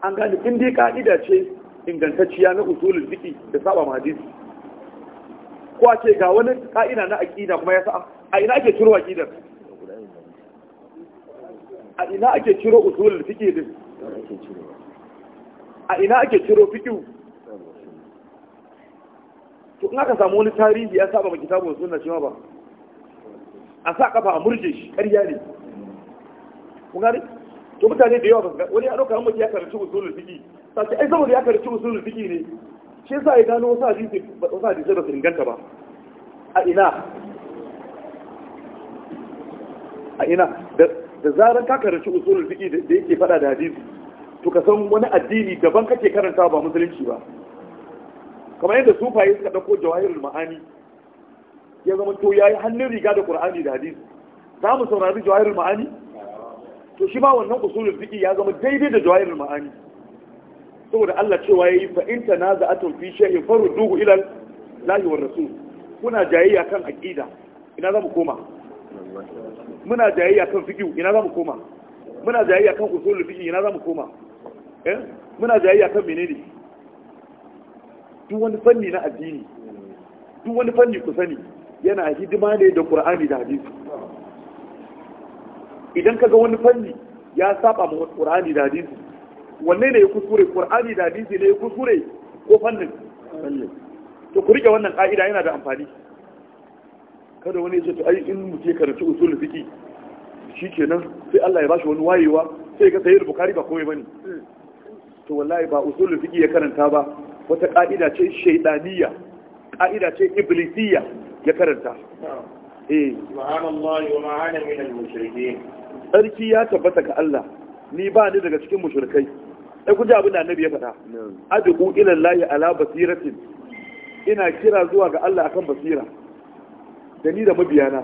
an gani in dai ka'ida ce ingantacciya na usulul fiqi da saba ma hadisi ko a ce ga wani ka'ida na aqida kuma ya sa a ina ake ciro aqidar a ina ake ciro usulul fiqi din a ina ake ciro fiqi to in aka samu wani tarihi ya saba maki kitabun sunna shi ba a sa kafa a murje shi ƙarya ne to mutane da yawa ba wani ya ɗauka hamadi ya karanci usulul fiqi sai ai saboda ya karanci usulul fiqi ne shi yasa ya gano wasu hadisi ba wasu hadisi ba su inganta ba a ina a ina da zarar ka karanci usulul fiqi da yake faɗa da hadisi to ka san wani addini daban kake karanta ba musulunci ba kamar yadda sufaye suka dauko jawahirul ma'ani ya zama to yayi hannun riga da qur'ani da hadisi za mu saurari jawahirul ma'ani to shi ma wannan usulul fiqi ya zama daidai da jawahirul ma'ani saboda Allah cewa yayi fa in shi fi shay'in farudduhu ila Allah wa rasul kuna jayayya kan aqida ina za mu koma muna jayayya kan fiqi ina za mu koma muna jayayya kan usulul fiqi ina za mu koma eh muna jayayya kan menene duk wani fanni na addini duk wani fanni ku sani yana hidima ne da Qur'ani da hadisi idan kaga wani fanni ya saba ma qur'ani da hadisi wanne ne ya kuskure qur'ani da hadisi ne ya kuskure ko fannin to ku rike wannan ka'ida yana da amfani kada wani ya ce to ai in mu je karanci usul fiqi shikenan sai Allah ya bashi wani wayewa sai ka sayi Bukhari ba komai bane to wallahi ba usul fiqi ya karanta ba wata ka'ida ce shaydaniya ka'ida ce iblisiyya ya karanta eh subhanallahi wa ma'ana min al-mushrikeen Sarki ya tabbata ga Allah ni ba ni daga cikin mushrikai sai kun ji abin da annabi ya faɗa adu ila allahi ala basiratin ina kira zuwa ga Allah akan basira da ni da mabiyana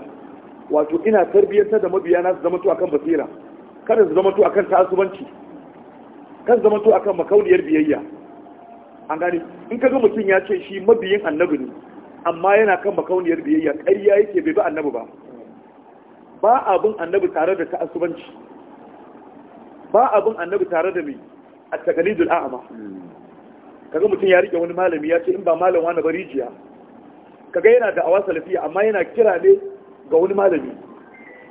wato ina tarbiyyantar da mabiyana su zama to akan basira kada su zama to akan ta'assubanci su zama to akan makauniyar biyayya an gani in ga mutum ya ce shi mabiyin annabi ne amma yana kan makauniyar biyayya ƙarya yake bai bi annabi ba ba abin annabi tare da ta'assubanci ba abin annabi tare da mai a takalidul a'ama kaga mutum ya rike wani malami ya ce in ba malam wani barijiya kaga yana da awa salafiya amma yana kira ne ga wani malami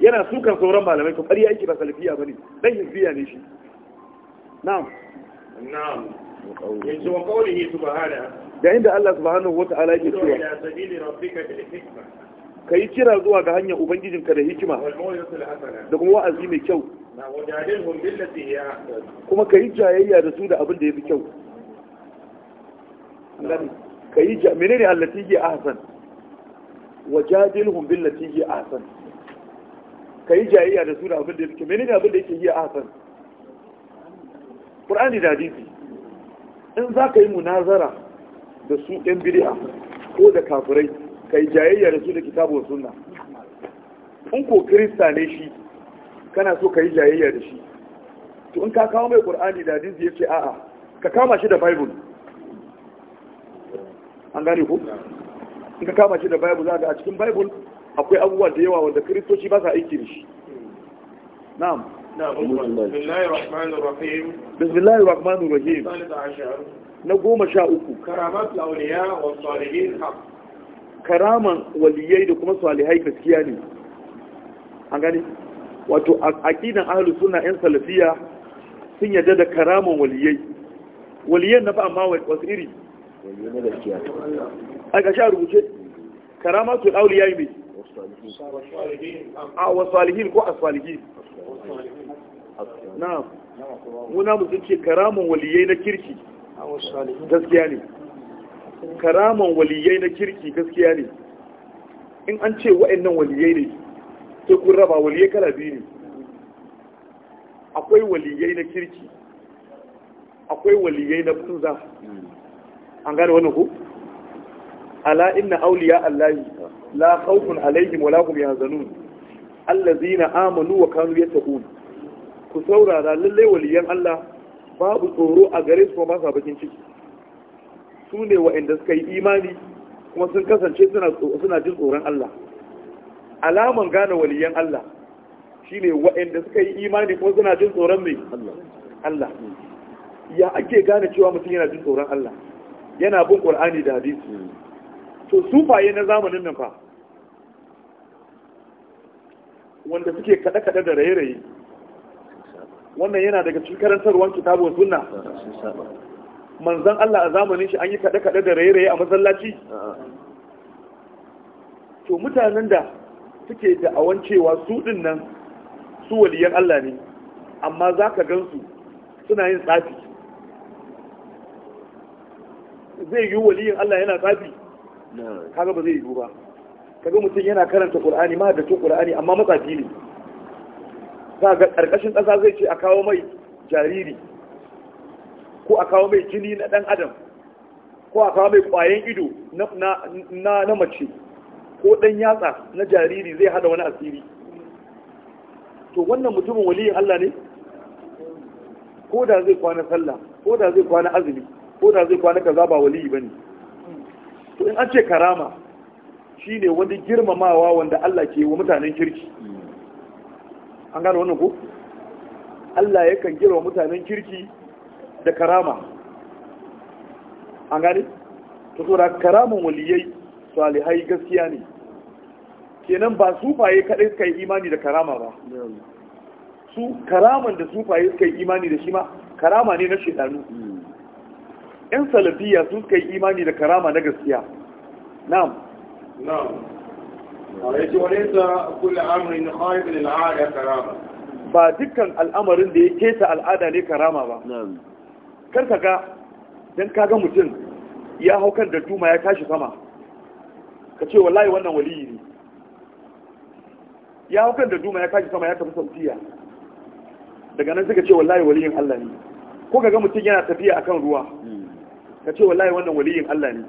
yana sukan sauran malamai to ƙarya yake ba salafiya ba ne, dan hizbiya ne shi na'am na'am yanzu wa qawlihi subhanahu da inda Allah subhanahu wa ta'ala yake cewa ila sabili rabbika bil hikma ka yi kira zuwa ga hanyar ubangijinka da hikima da kuma wa'azi mai kyau kuma ka yi jayayya da su da abin da ya fi kyau ka yi ja mene ne allati yi ahsan wa jadilhum billati yi ahsan ka yi jayayya da su da abin da ya fi kyau mene ne abin da yake yi ahsan qur'ani da hadisi in za ka yi munazara da su ɗan bid'a ko da kafirai kai jayayya da su da kitabu sunna in ko kirista ne shi kana so ka yi jayayya da shi to in ka kawo mai qur'ani da hadisi ya ce a'a ka kama shi da bible an gane ko in ka kama shi da bible za ga a cikin bible akwai abubuwa da yawa wanda kiristoci ba sa aiki da shi na'am bismillahir rahmanir rahim na goma sha uku karamatul awliya was salihin haqq karaman waliyai da kuma salihai gaskiya ne an gani wato aqidan ahlu sunna in salafiya sun yarda da karaman waliyai Waliyai na ba amma wasu iri a ga sha rubuce karamatul awliya ne a salihin ko asfalihi na muna mutum ce karaman waliyai na kirki gaskiya ne karaman waliyai na kirki gaskiya ne in an ce wa'annan waliyai ne sai kun raba waliyai kala biyu ne akwai waliyai na kirki akwai waliyai na banza an gane wannan ku ala inna auliya allahi la khawfun alaihim wa la hum yahzanun allazina amanu wa kanu yattaqun ku saurara lallai waliyan Allah babu tsoro a gare su ba sa bakin ciki su ne wa'anda suka yi imani kuma sun kasance suna jin tsoron Allah alaman gane waliyan Allah shi ne wa'anda suka yi imani kuma suna jin tsoron mai Allah ya ake gane cewa mutum yana jin tsoron Allah yana bin ƙwar'ani da hadisi hmm. to faye na zamanin nan fa wanda suke kaɗe-kaɗe da raye-raye wannan yana daga cikin karantarwar kitabun sunna manzan Allah a zamanin shi an yi kaɗe-kaɗe da raye-raye a masallaci to mutanen da suke da cewa su ɗin nan su waliyan Allah ne amma za ka gansu suna yin tsafi zai yi waliyan Allah yana tsafi kaga ba zai yi ba kaga mutum yana karanta ƙur'ani ma da cin ƙur'ani amma matsafi ne za ga ƙarƙashin ƙasa zai ce a kawo mai jariri ko a kawo mai jini na ɗan adam ko a kawo mai ƙwayen ido na mace ko ɗan yatsa na jariri zai hada wani asiri to wannan mutumin waliyin Allah ne ko da zai kwana sallah ko da zai kwana azumi ko da zai kwana kaza ba waliyi bane to in an ce karama shine wani girmamawa wanda Allah ke wa mutanen kirki an gano wannan ko Allah yakan girma mutanen kirki da karama an gani to so da waliyai salihai gaskiya ne kenan ba sufaye kadai suka yi imani da karama ba su karaman da sufaye suka yi imani da shi ma karama ne na shedanu yan salafiya sun suka yi imani da karama na gaskiya na'am na'am ba dukkan al'amarin da ya keta al'ada ne karama ba na'am kar ka ga dan ka ga mutum ya hau kan da duma ya tashi sama ka ce wallahi wannan waliyi ne ya hau kan da duma ya tashi sama ya tafi sautiya daga nan suka ce wallahi waliyin Allah ne ko ka ga mutum yana tafiya akan ruwa ka ce wallahi wannan waliyin Allah ne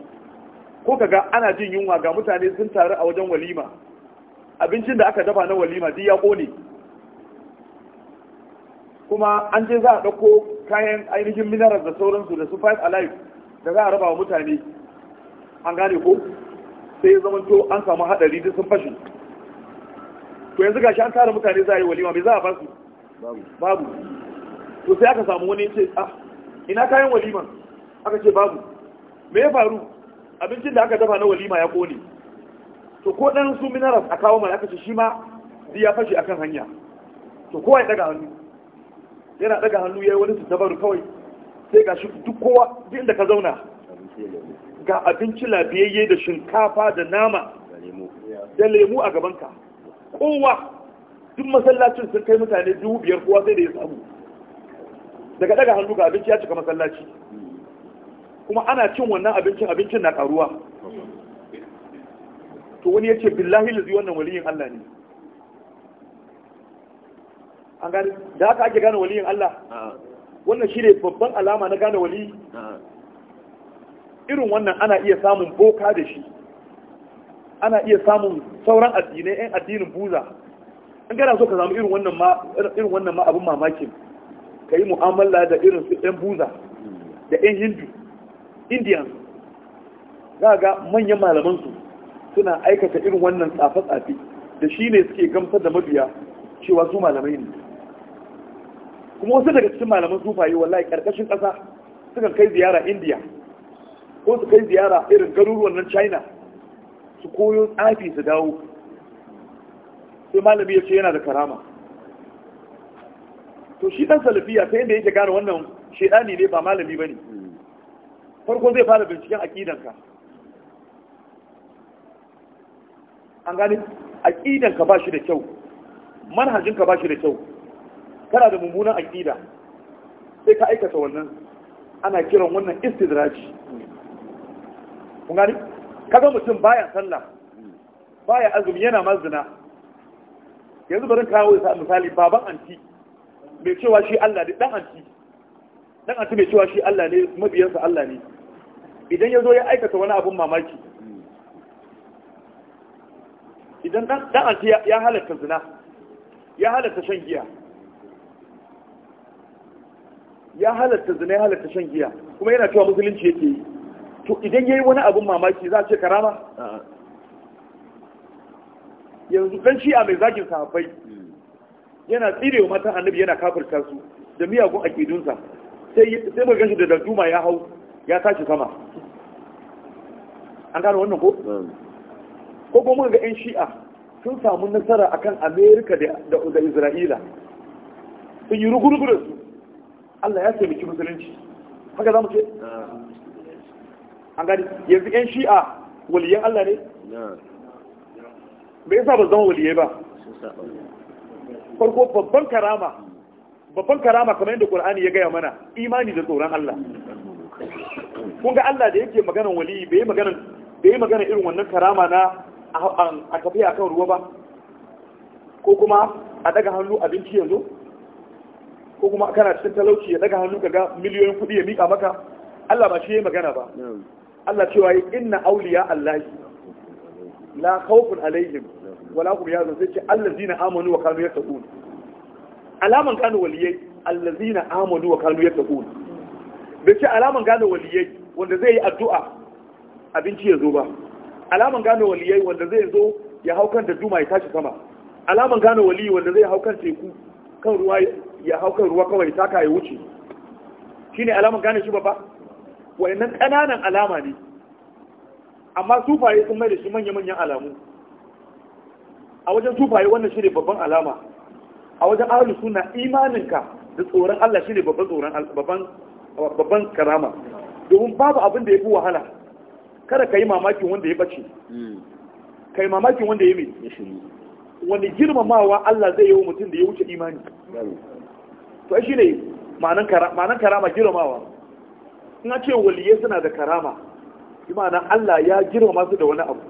ko ka ga ana jin yunwa ga mutane sun taru a wajen walima abincin da aka dafa na walima duk ya kone kuma an je za a ɗauko kayan ainihin minerals da sauransu da su five alive da za a raba wa mutane an gane ko sai ya zama to an samu haɗari duk sun fashe to yanzu gashi an tara mutane za a yi walima mai za a ba su babu to sai aka samu wani ce ah ina kayan walima aka ce babu me ya faru abincin da aka dafa na walima ya kone to ko dan su minerals a kawo mana aka ce shi ma ya fashi akan hanya to kowa ya daga hannu yana daga hannu ya yi wani tabaru kawai sai ga shi duk kowa duk inda ka zauna ga abinci labiyayye da shinkafa da nama da lemu a gabanka kowa duk masallacin sun kai mutane dubu biyar kowa sai da ya samu daga daga hannu ga abinci ya cika masallaci kuma ana cin wannan abincin abincin na karuwa to wani ya ce billahi lazi wannan waliyin Allah ne an gani da haka ake gane waliyin Allah wannan shi ne babban alama na gane wali irin wannan ana iya samun boka da shi ana iya samun sauran addinai yan addinin buza an gana so ka samu irin wannan ma irin wannan ma abin mamakin ka yi mu'amala da irin su yan buza da yan hindu indians za ga manyan malaman su suna aikata irin wannan tsafe-tsafe da shi ne suke gamsar da mabiya cewa su malamai ne kuma wasu daga cikin malaman sufaye wallahi karkashin ƙasa sukan kai ziyara indiya ko su kai ziyara irin garuruwan nan china su koyo tsafi su dawo sai malami ya ce yana da karama to shi ɗan salafiya ta yadda yake gane wannan shaidani ne ba malami ba ne farko zai fara binciken aƙidanka an gane aƙidanka ba shi da kyau manhajinka ba shi da kyau kana da mummunan aƙida sai ka aikata wannan ana kiran wannan istidraji kun gani kaga mutum baya sallah baya azumi yana mazina yanzu bari kawo isa misali baban anti mai cewa shi Allah ne dan anti dan anti mai cewa shi Allah ne mabiyansa Allah ne idan ya zo ya aikata wani abun mamaki idan dan anti ya halatta zina ya halatta shan giya ya halatta zina ya halatta shan giya kuma yana cewa musulunci yake yi to idan yayi wani abin mamaki za a ce karama yanzu dan shi'a mai zagin sahabbai yana tsire wa matan annabi yana kafirta su da miyagun akidunsa sai sai mun ganshi da darduma ya hau ya tashi sama an gano wannan ko ko kuma muka ga yan shi'a sun samu nasara akan amerika da isra'ila sun yi rugu su Allah ya taimaki musulunci haka za mu ce an gani yanzu yan shi'a waliyan Allah ne bai yasa ba zama waliyai ba farko babban karama babban karama kamar yadda ƙul'ani ya gaya mana imani da tsoron Allah kun ga Allah da yake maganan waliyi bai yi bai magana irin wannan karama na a tafiya kan ruwa ba ko kuma a daga hannu abinci yanzu ko kuma kana cikin talauci ya daga hannu kaga miliyoyin kuɗi ya miƙa maka Allah ba shi yayi magana ba Allah cewa inna awliya Allah la khawfun alaihim wala hum yahzanun sai ce allazina amanu wa kanu yattaqun alaman kanu waliyai allazina amanu wa kanu yattaqun bai ce alaman gane waliyai wanda zai yi addu'a abinci ya zo ba alaman gane waliyai wanda zai zo ya hau kan da duma ya tashi sama alaman gane waliyi wanda zai hau kan teku kan ruwa ya hau kan ruwa kawai taka ya wuce Shi ne alaman gane shi babba nan ƙananan alama ne amma sufaye sun mai da shi manya-manyan alamu a wajen sufaye wannan shi ne babban alama a wajen ahalu suna imaninka da tsoron Allah shi ne babban tsoron babban karama domin babu abin da ya fi wahala kada ka yi mamakin wanda ya bace hmm. ka yi mamakin wanda ya mai wani girmamawa Allah zai yi wa mutum da ya wuce imani to shi ne ma'anan karama girmamawa suna ce waliye suna da karama imanin Allah ya girmama su da wani abu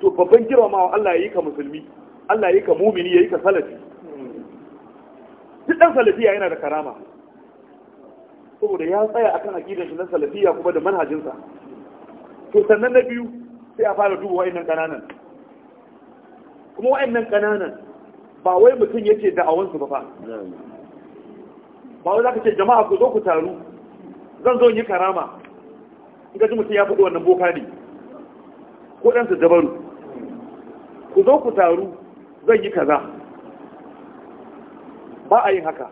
to babban girmamawa Allah ya yi ka musulmi Allah ya yi ka mumini ya yi ka salafi duk ɗan salafiya yana da karama saboda ya tsaya akan aƙidar shi na salafiya kuma da manhajinsa to sannan na biyu sai a fara duba nan ƙananan kuma nan ƙananan ba wai mutum yake da'awansu ba fa ba wai za ka ce jama'a ku zo ku taru zan zo yi karama in ka ji mutum ya faɗi wannan boka ne ko su dabaru ku zo ku taru zan yi kaza ba a yin haka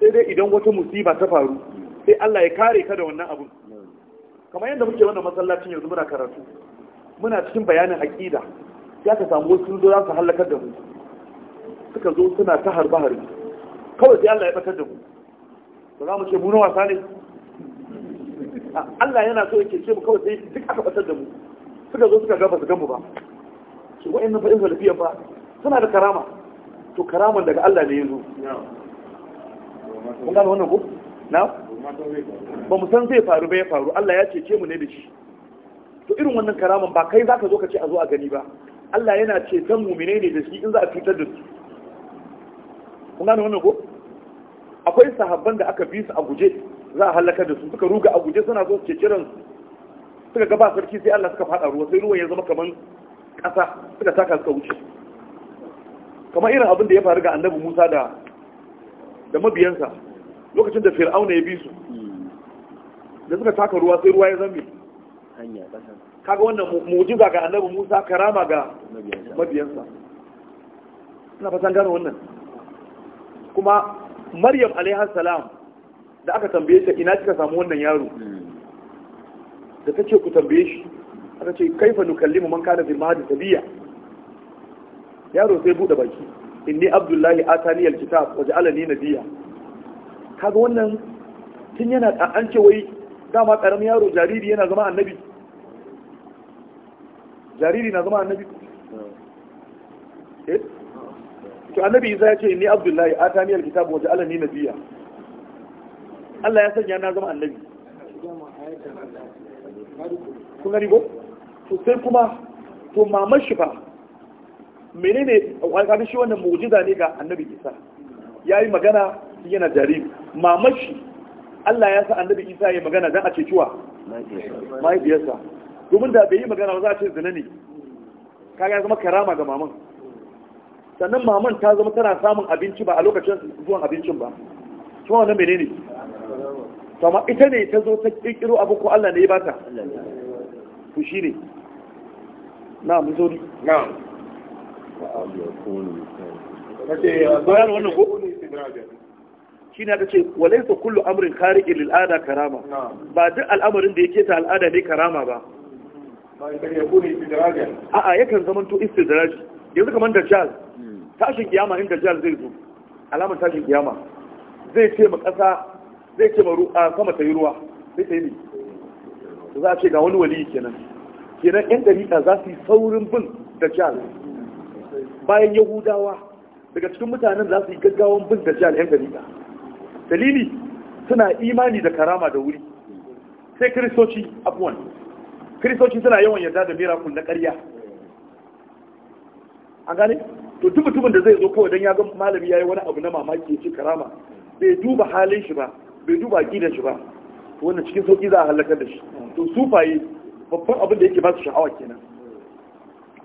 sai dai idan wata musiba ta faru sai Allah ya kare ka da wannan abun kamar yadda muke wannan masallacin yanzu muna karatu muna cikin bayanin aqida ya ka samu wasu zo za su halakar da mu suka zo suna ta harba harbi kawai sai Allah ya batar da mu to za mu ce mu wasa ne Allah yana so yake ce mu kawai sai duk aka fatar da mu suka zo suka gaba su gamu ba su na fa'in zalafiya ba suna da karama to karaman daga Allah ne ya zo kun gano wannan ko na ba mu san zai faru ba ya faru Allah ya cece mu ne da shi to irin wannan karaman ba kai zaka zo ka ce a zo a gani ba Allah yana ce ceton mu'mine ne da shi in za a fitar da su kun gano wannan ko akwai sahabban da aka bi su a guje za a halaka da su suka ruga a guje suna zo su cece suka gaba sarki sai Allah suka fada ruwa sai ruwan ya zama kaman ƙasa suka taka suka wuce kamar irin abin da ya faru ga annabi Musa da da mabiyansa lokacin da Fir'auna ya bi su da suka taka ruwa sai ruwa ya zame hanya kasa kaga wannan mu'jiza ga annabi Musa karama ga mabiyansa ina fatan gano wannan kuma maryam alaiha salam da aka tambaye ta ina kika samu wannan yaro da ta ce ku tambaye shi aka ce kaifa nukallimu man kana fil mahdi tabiya yaro sai bude baki inni abdullahi atani alkitab wa ja'alani nabiyya kaga wannan tun yana an ce wai dama karamin yaro jariri yana zama annabi jariri na zama annabi hmm. eh to annabi isa ya ce ni abdullahi atani alkitabu wa ja'alani nabiyya Allah ya sanya na zama annabi kun gani ko to sai kuma to mamar shi fa menene wani shi wannan mu'jiza ne ga annabi isa Ya yi magana yana jariri mamar shi Allah ya sa annabi isa ya magana don a ce ciwa mahaifiyarsa domin da bai yi magana ba za a ce zina ne kaga ya zama karama ga maman sannan maman ta zama tana samun abinci ba a lokacin zuwan abincin ba kuma wannan menene to amma ita ne ta zo ta kirkiro abu ko Allah ne ya bata shi ne. na mu zo na wannan ko shine aka ce su kullu amurin khariqin lil ada karama ba duk al'amarin da ya ke ta al'ada ne karama ba a'a yakan zamanto istidraji yanzu kamar dajjal hmm. tashin kiyama in dajjal zai zo alamar tashin kiyama zai ce ma ƙasa zai ce ma ruwa, sama ta yi ruwa sai ta yi ne za a ce ga wani wali kenan kenan yan dalita za su yi saurin bin dajjal bayan yahudawa daga cikin mutanen za su yi gaggawan bin dajjal yan dalita dalili suna imani da karama da wuri sai kiristoci abuwan kiristoci suna yawan yarda da kun na ƙarya an gane to duk mutumin da zai zo kawai dan ya ga malami yayi wani abu na mamaki ya ce karama bai duba halin shi ba bai duba gidan shi ba to wannan cikin sauki za a halaka da shi to sufaye babban abin da yake ba su sha'awa kenan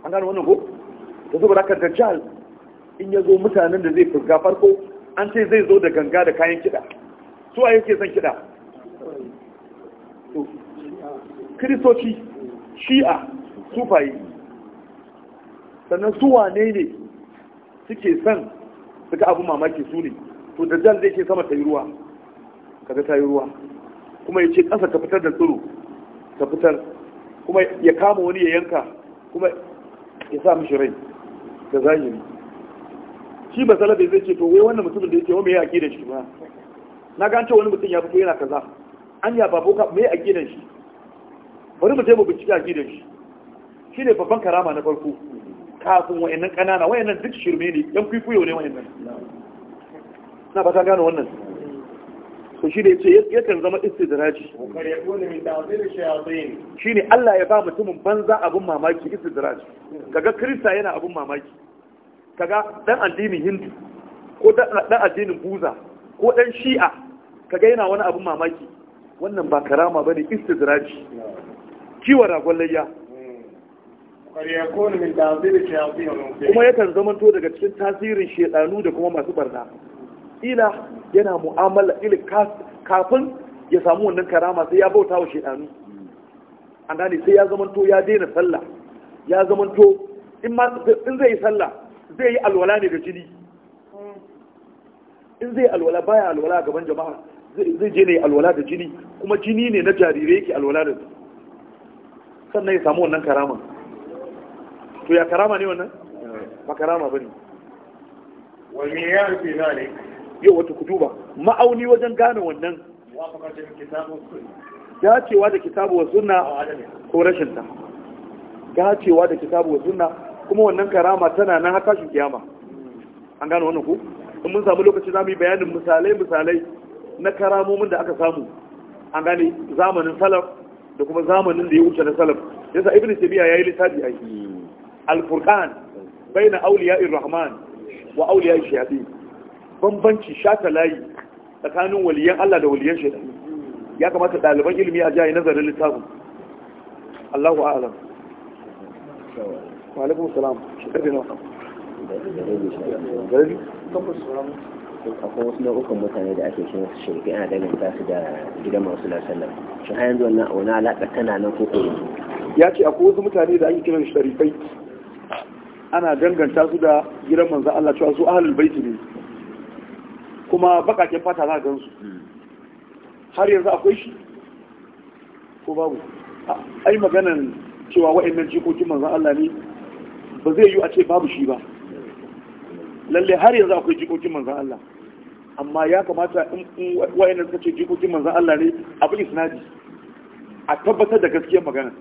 an gane wannan ko to da kanta dajjal in ya zo mutanen da zai fusga farko an ce zai zo da ganga da kayan kiɗa su a yake son kiɗa kiristoci shi'a sufaye sannan su wane ne suke son suka abu mamaki su ne to da jan zai ke sama ta yi ruwa kaga ta yi ruwa kuma ya ce ƙasa ka fitar da tsoro ka fitar kuma ya kama wani ya yanka kuma ya sa mishi rai da zahiri shi ba salabe zai ce to wai wannan mutumin da ya wa me ya akidar shi ba na ga wani mutum ya fito yana kaza an ya babo ka me akidar shi bari mu je mu bincike akidar shi shine babban karama na farko kafin wayannan kanana wayannan duk shirme ne yan kwikwiyo ne wayannan na ba ta gano wannan to shi da yace yakan zama istidraji shi ne Allah ya ba mutumin banza abun mamaki istidraji kaga krista yana abun mamaki kaga dan addinin hindu ko dan addinin buza ko dan shi'a kaga yana wani abun mamaki wannan ba karama bane istidraji kiwa ragon layya kuma yakan zamanto daga cikin tasirin shedanu da kuma masu barna ila yana mu'amala ila kafin ya samu wannan karama sai ya bauta wa shedanu an gane sai ya zamanto ya daina sallah ya zamanto in zai yi sallah zai yi alwala ne da jini in zai alwala baya alwala a gaban jama'a zai je ne alwala da jini kuma jini ne na jarirai yake alwala da su sannan ya samu wannan karaman. to ya karama ne wannan ba karama bane ya rufe na ne yau wata ku duba ma'auni wajen gane wannan dacewa da kitabu wa sunna ko rashin ta dacewa da kitabu wa sunna kuma wannan karama tana nan har tashin kiyama an gane wannan ku in mun samu lokaci za mu yi bayanin misalai misalai na karamomin da aka samu an gane zamanin salaf da kuma zamanin da ya wuce na salaf yasa ibnu tabiya yayi a yi alfurkan bai na auliya'in rahman wa auliya'in shaɗi bambanci shata layi tsakanin waliyan Allah da waliyan shaɗi ya kamata ɗaliban ilimi a jayi nazarin littafin Allahu a'alam wa alaikun salam shekaru na gari akwai wasu nau'ukan mutane da ake cin shirki ana danganta su da gidan masu lasallar shi har yanzu wannan auna alaƙa tana nan ko ya ce akwai wasu mutane da ake kiran sharifai ana danganta su da gidan manzan Allah cewa su ahalin baiti ne kuma bakakin fata za gan su har yanzu akwai shi ko babu ai maganan cewa wa'annan jikokin manzan Allah ne ba zai yi a ce babu shi ba lalle har yanzu akwai jikokin manzan Allah amma ya kamata in wa'annan suka ce jikokin manzan Allah ne abu isnadi a tabbatar da gaskiyar magana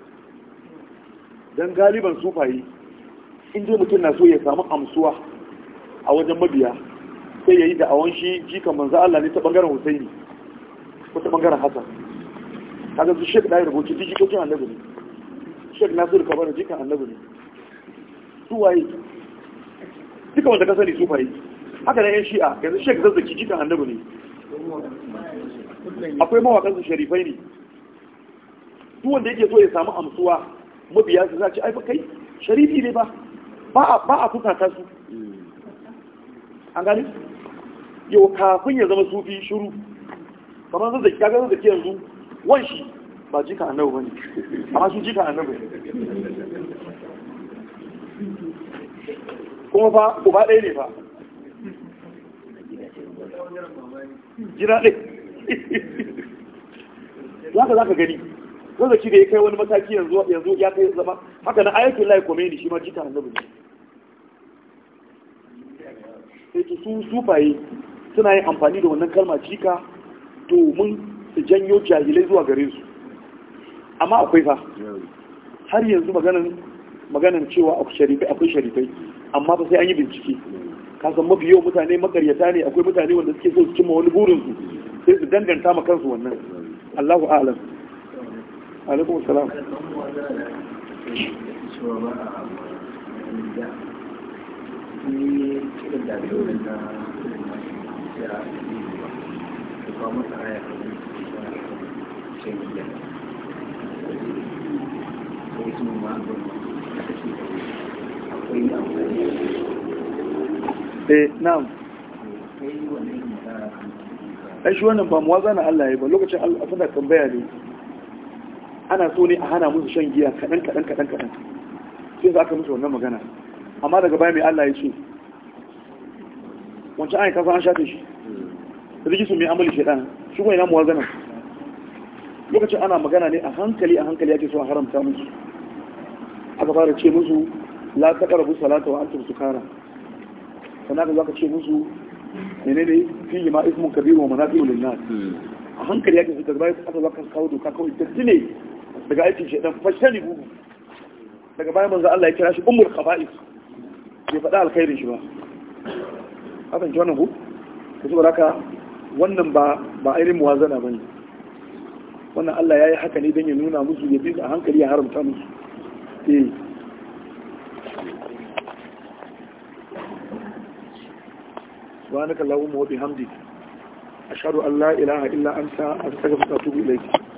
don galiban sufayi in dai mutum na so ya samu amsuwa a wajen mabiya sai ya yi awon shi jikan manzo Allah ne ta bangaren Husaini ko ta bangaren Hassan kaga su Sheikh Dai rubuci kin Annabi na Sheikh Nasir Kabara jikan Annabi ne su waye duka wanda ka sani su fayi haka da yan shi'a yanzu shek Zazzaki jikan Annabi ne akwai mawakan su sharifai ne duk wanda yake so ya samu amsuwa mabiya su za ci ai fa kai sharifi ne ba ba a fusata su hmm. an gani yau kafin ya zama sufi shiru kamar zai zaki kaga da zaki yanzu wani shi ba jika annabi wani amma shi jika annabi kuma fa uba ɗaya ne fa gina ɗaya za ka za ka gani zazzaki da ya kai wani mataki yanzu yanzu ya kai zama haka na ayatul lahi komeni shi ma jika hannu ne sai su sufaye suna yin amfani da wannan kalma jika domin su janyo jahilai zuwa gare su amma akwai fa har yanzu maganan maganan cewa akwai sharifai akwai sharifai amma ba sai an yi bincike ka san mafi yau mutane makaryata ne akwai mutane wanda suke so su cimma wani burin su sai su danganta ma kansu wannan Allahu a'lam عليكم السلام إيه نعم ايش وانا بموازنة الله يبقى لوكا شيء افضل تنبيه لي ana so ne a hana musu shan giya kaɗan kaɗan kaɗan kaɗan sai za ka musu wannan magana amma daga baya mai Allah ya ce wancan ayin kasa an shafe shi rigisu mai amali shaidan shi kuma ina wazana lokacin ana magana ne a hankali a hankali ake so a haramta musu aka fara ce musu la taqrabu salata wa antum sukara sannan ka zaka ce musu menene fihi ma ismun kabiru wa manafi'u lin-nas hmm. a hankali yake suka zai aka zaka kawo doka kawai da ne daga aikin shaidan fashani gugu daga bayan manzan Allah ya kira shi umar qaba'is bai faɗa alkhairin shi ba hakan ji wannan ku ka saboda haka wannan ba a irin muwazana ne wannan Allah ya yi haka ne don ya nuna musu ya bi a hankali ya haramta musu eh subhanaka allahumma wa Hamdi a shaɗu Allah ilaha illa a astaghfiruka fasa tubu ilayk